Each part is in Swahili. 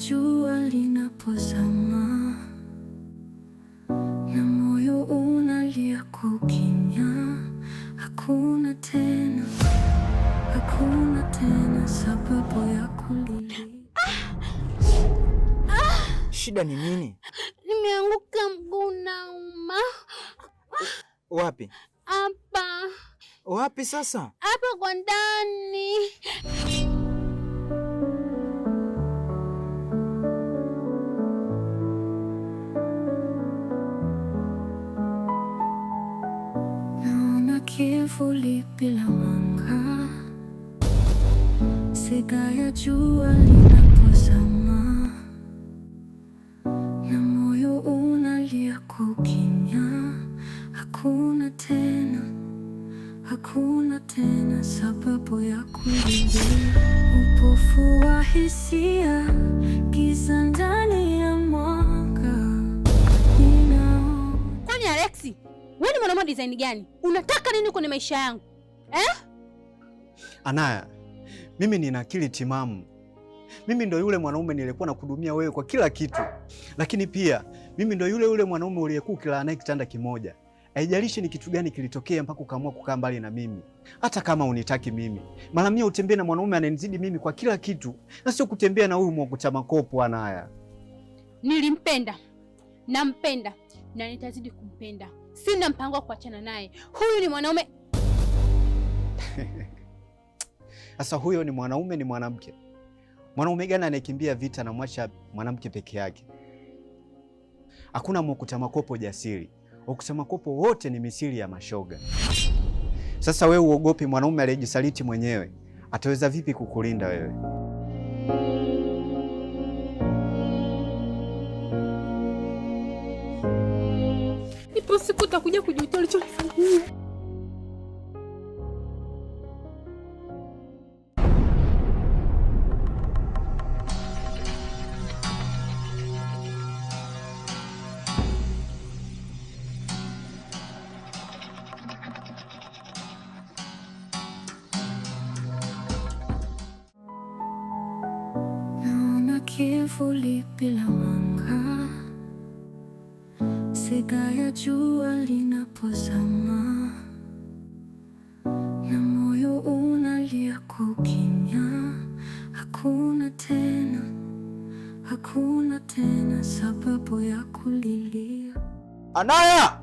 jua linapozama na moyo unalia kwa ukimya, hakuna tena, hakuna tena sababu ya kulia. Shida ni nini? Nimeanguka, mguu nauma. Wapi? Hapa. Wapi sasa? Hapa kwa ndani. kivuli bila mwanga, sigaya jua lina Wewe ni mwanaume design gani? Unataka nini kwenye maisha yangu eh? Anaya, mimi nina akili timamu. Mimi ndo yule mwanaume nilikuwa nakuhudumia wewe kwa kila kitu, lakini pia mimi ndo yule yule mwanaume uliyekuwa ukilala naye kitanda kimoja. Haijalishi ni kitu gani kilitokea mpaka ukaamua kukaa mbali na mimi, hata kama unitaki mimi. Mara mia utembee na mwanaume ananizidi mimi kwa kila kitu, na sio kutembea na huyu mwakucha makopo. Anaya, nilimpenda, nampenda na nitazidi kumpenda. Sina mpango wa kuachana naye. Huyu ni mwanaume sasa. Huyo ni mwanaume, ni mwanamke. Mwanaume gani anayekimbia vita na mwacha mwanamke peke yake? Hakuna mwokuta makopo jasiri, wakuta makopo wote ni misiri ya mashoga. Sasa wewe uogopi mwanaume aliyejisaliti mwenyewe, ataweza vipi kukulinda wewe? ipo siku utakuja kujutia ulichonifanyia. kivuli bila mwanga jua linapozama na moyo unalia kwa ukimya, hakuna tena, hakuna tena sababu ya kulilia. Anaya,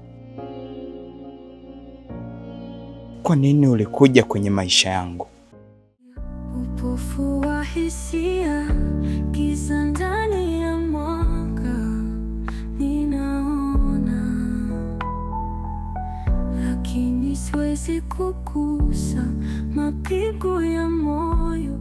kwa nini ulikuja kwenye maisha yangu? hawezi kugusa mapigo ya moyo.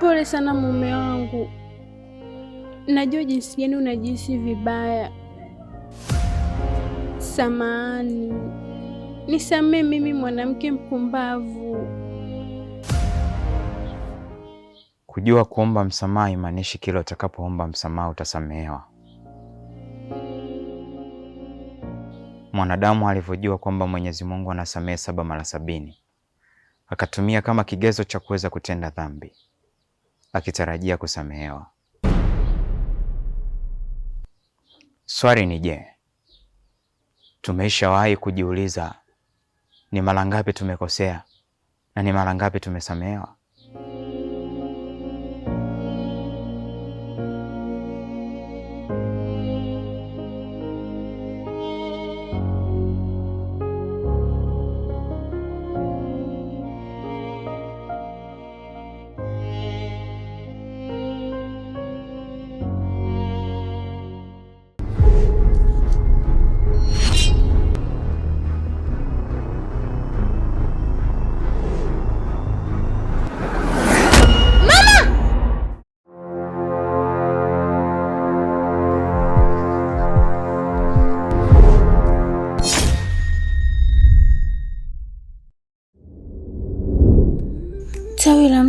Pole sana mume wangu, najua jinsi gani unajihisi vibaya. Samahani, nisamee mimi mwanamke mpumbavu. Kujua kuomba msamaha imaanishi kila utakapoomba msamaha utasamehewa. Mwanadamu alivyojua kwamba Mwenyezi Mungu anasamehe saba mara sabini akatumia kama kigezo cha kuweza kutenda dhambi akitarajia kusamehewa. Swali ni je, tumeshawahi kujiuliza ni mara ngapi tumekosea na ni mara ngapi tumesamehewa?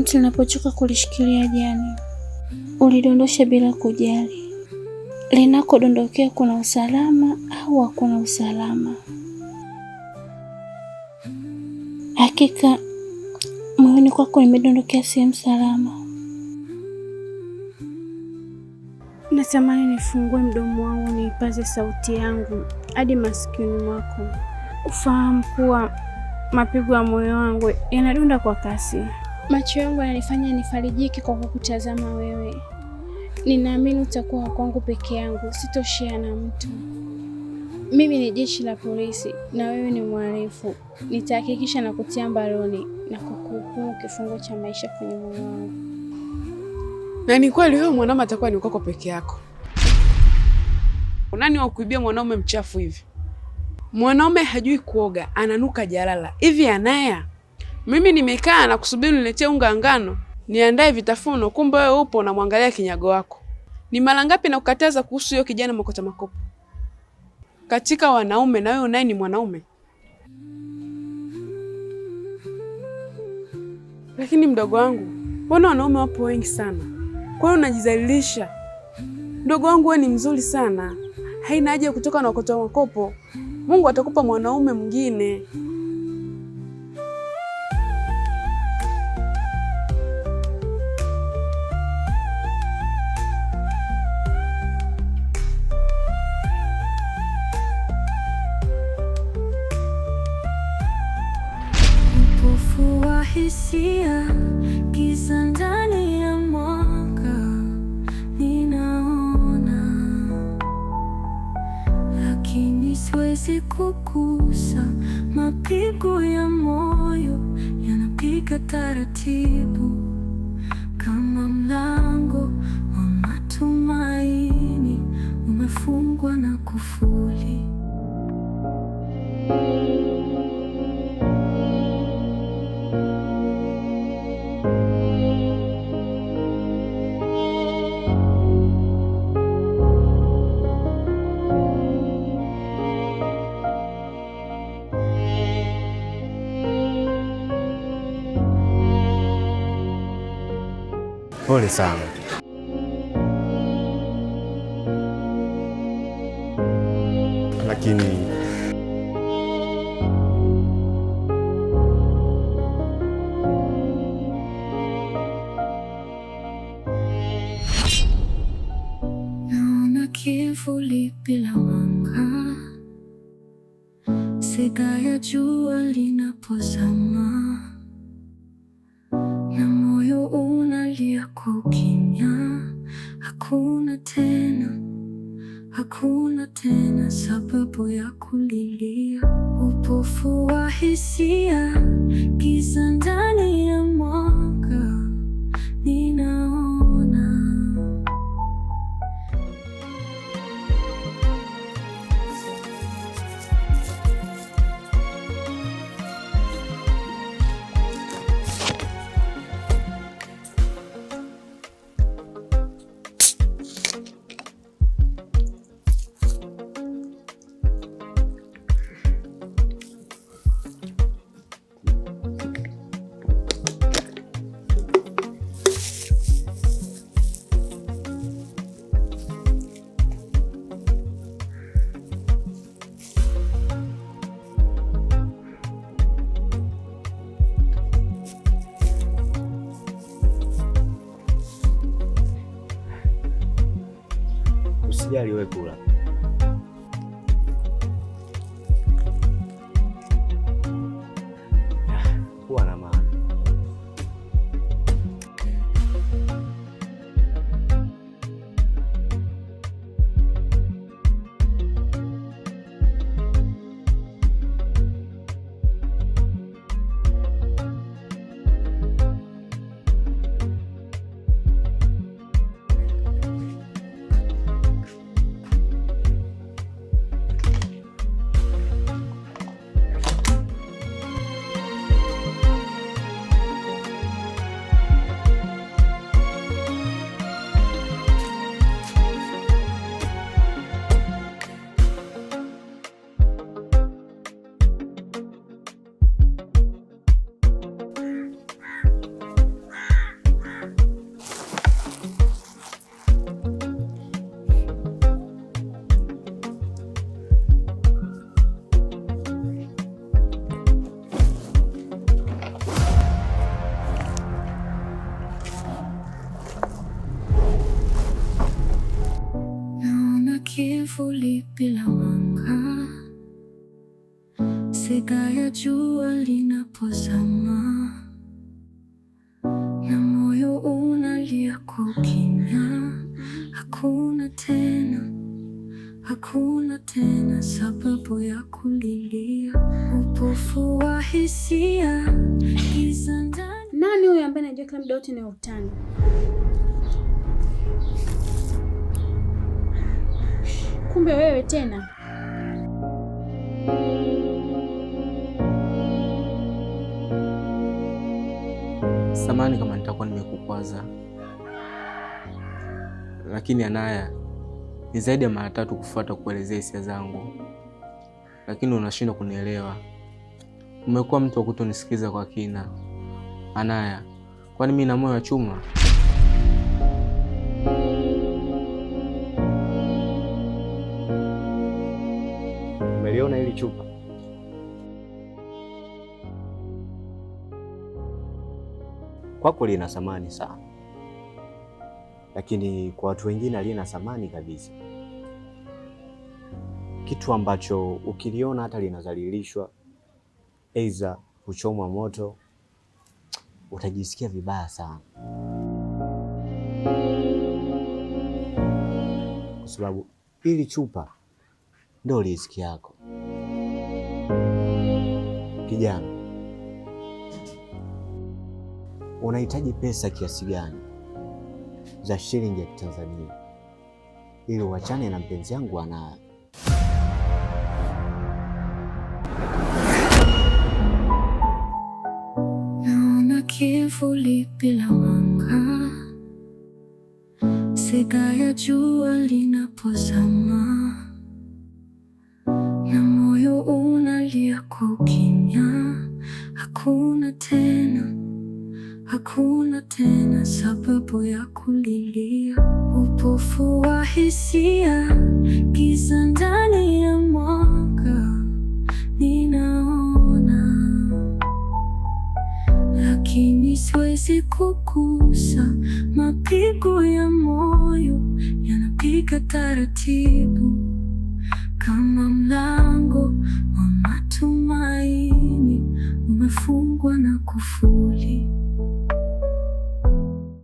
mti linapochoka kulishikilia jani, ulidondosha bila kujali linakodondokea kuna usalama au hakuna usalama. Hakika moyoni kwako imedondokea sehemu salama. Natamani nifungue mdomo wangu niipaze sauti yangu hadi masikioni mwako, ufahamu kuwa mapigo ya moyo wangu yanadunda kwa kasi. Macho yangu yananifanya nifarijike kwa kukutazama wewe. Ninaamini utakuwa kwangu peke yangu, sitoshia na mtu. Mimi ni jeshi la polisi na wewe ni mhalifu. Nitahakikisha na kutia mbaroni na kukuhukumu kifungo cha maisha kwenye moyo wangu. Na ni kweli huyo mwanaume atakuwa ni kwako peke yako. Unani wa kuibia mwanaume mchafu hivi? Mwanaume hajui kuoga, ananuka jalala hivi anaya mimi nimekaa na kusubiri niletee unga ngano niandae vitafuno, kumbe wewe upo unamwangalia kinyago wako. Ni mara ngapi na kukataza kuhusu hiyo kijana makota makopo katika wanaume, na wewe unaye ni mwanaume. Lakini mdogo wangu, mbona wanaume wapo wengi sana? Kwa hiyo unajizalilisha. Mdogo wangu, wewe ni mzuri sana, haina haja ya kutoka na ukota makopo. Mungu atakupa mwanaume mwingine. hisia, giza ndani ya mwaka ninaona, lakini siwezi kugusa. Mapigo ya moyo yanapiga taratibu kama mlango wa matumaini umefungwa na kufuli. pole sana. Lakini mambo ya kulilia, upofu wa hisia 家里会哭了。kivuli bila mwanga, sega ya jua linapozama, na moyo unalia kwa ukimya. Hakuna tena, hakuna tena sababu ya kulilia. Upofu wa hisia, giza ndani. Nani huyo ambaye anajua kila muda wote ni utani? kumbe wewe tena. Samani kama nitakuwa nimekukwaza, lakini Anaya, ni zaidi ya mara tatu kufuata kuelezea hisia zangu, lakini unashindwa kunielewa. Umekuwa mtu wa kutonisikiza kwa kina. Anaya, kwani mimi na moyo wa chuma? aliona hili chupa. Kwako lina thamani sana, lakini kwa watu wengine halina thamani kabisa, kitu ambacho ukiliona hata linadhalilishwa, aidha kuchomwa moto, utajisikia vibaya sana, kwa sababu ili chupa ndo riziki yako kijana. Unahitaji pesa kiasi gani za shilingi ya Kitanzania ili uachane na mpenzi yangu anayo? Naona kivuli bila mwanga, sega ya jua linapozama Hakuna tena, hakuna tena sababu ya kulilia. Upofu wa hisia, giza ndani ya mwanga ninaona, lakini siwezi kugusa. Mapigo ya moyo yanapiga taratibu, kama mlango wa matumaini umefungwa na kufuli.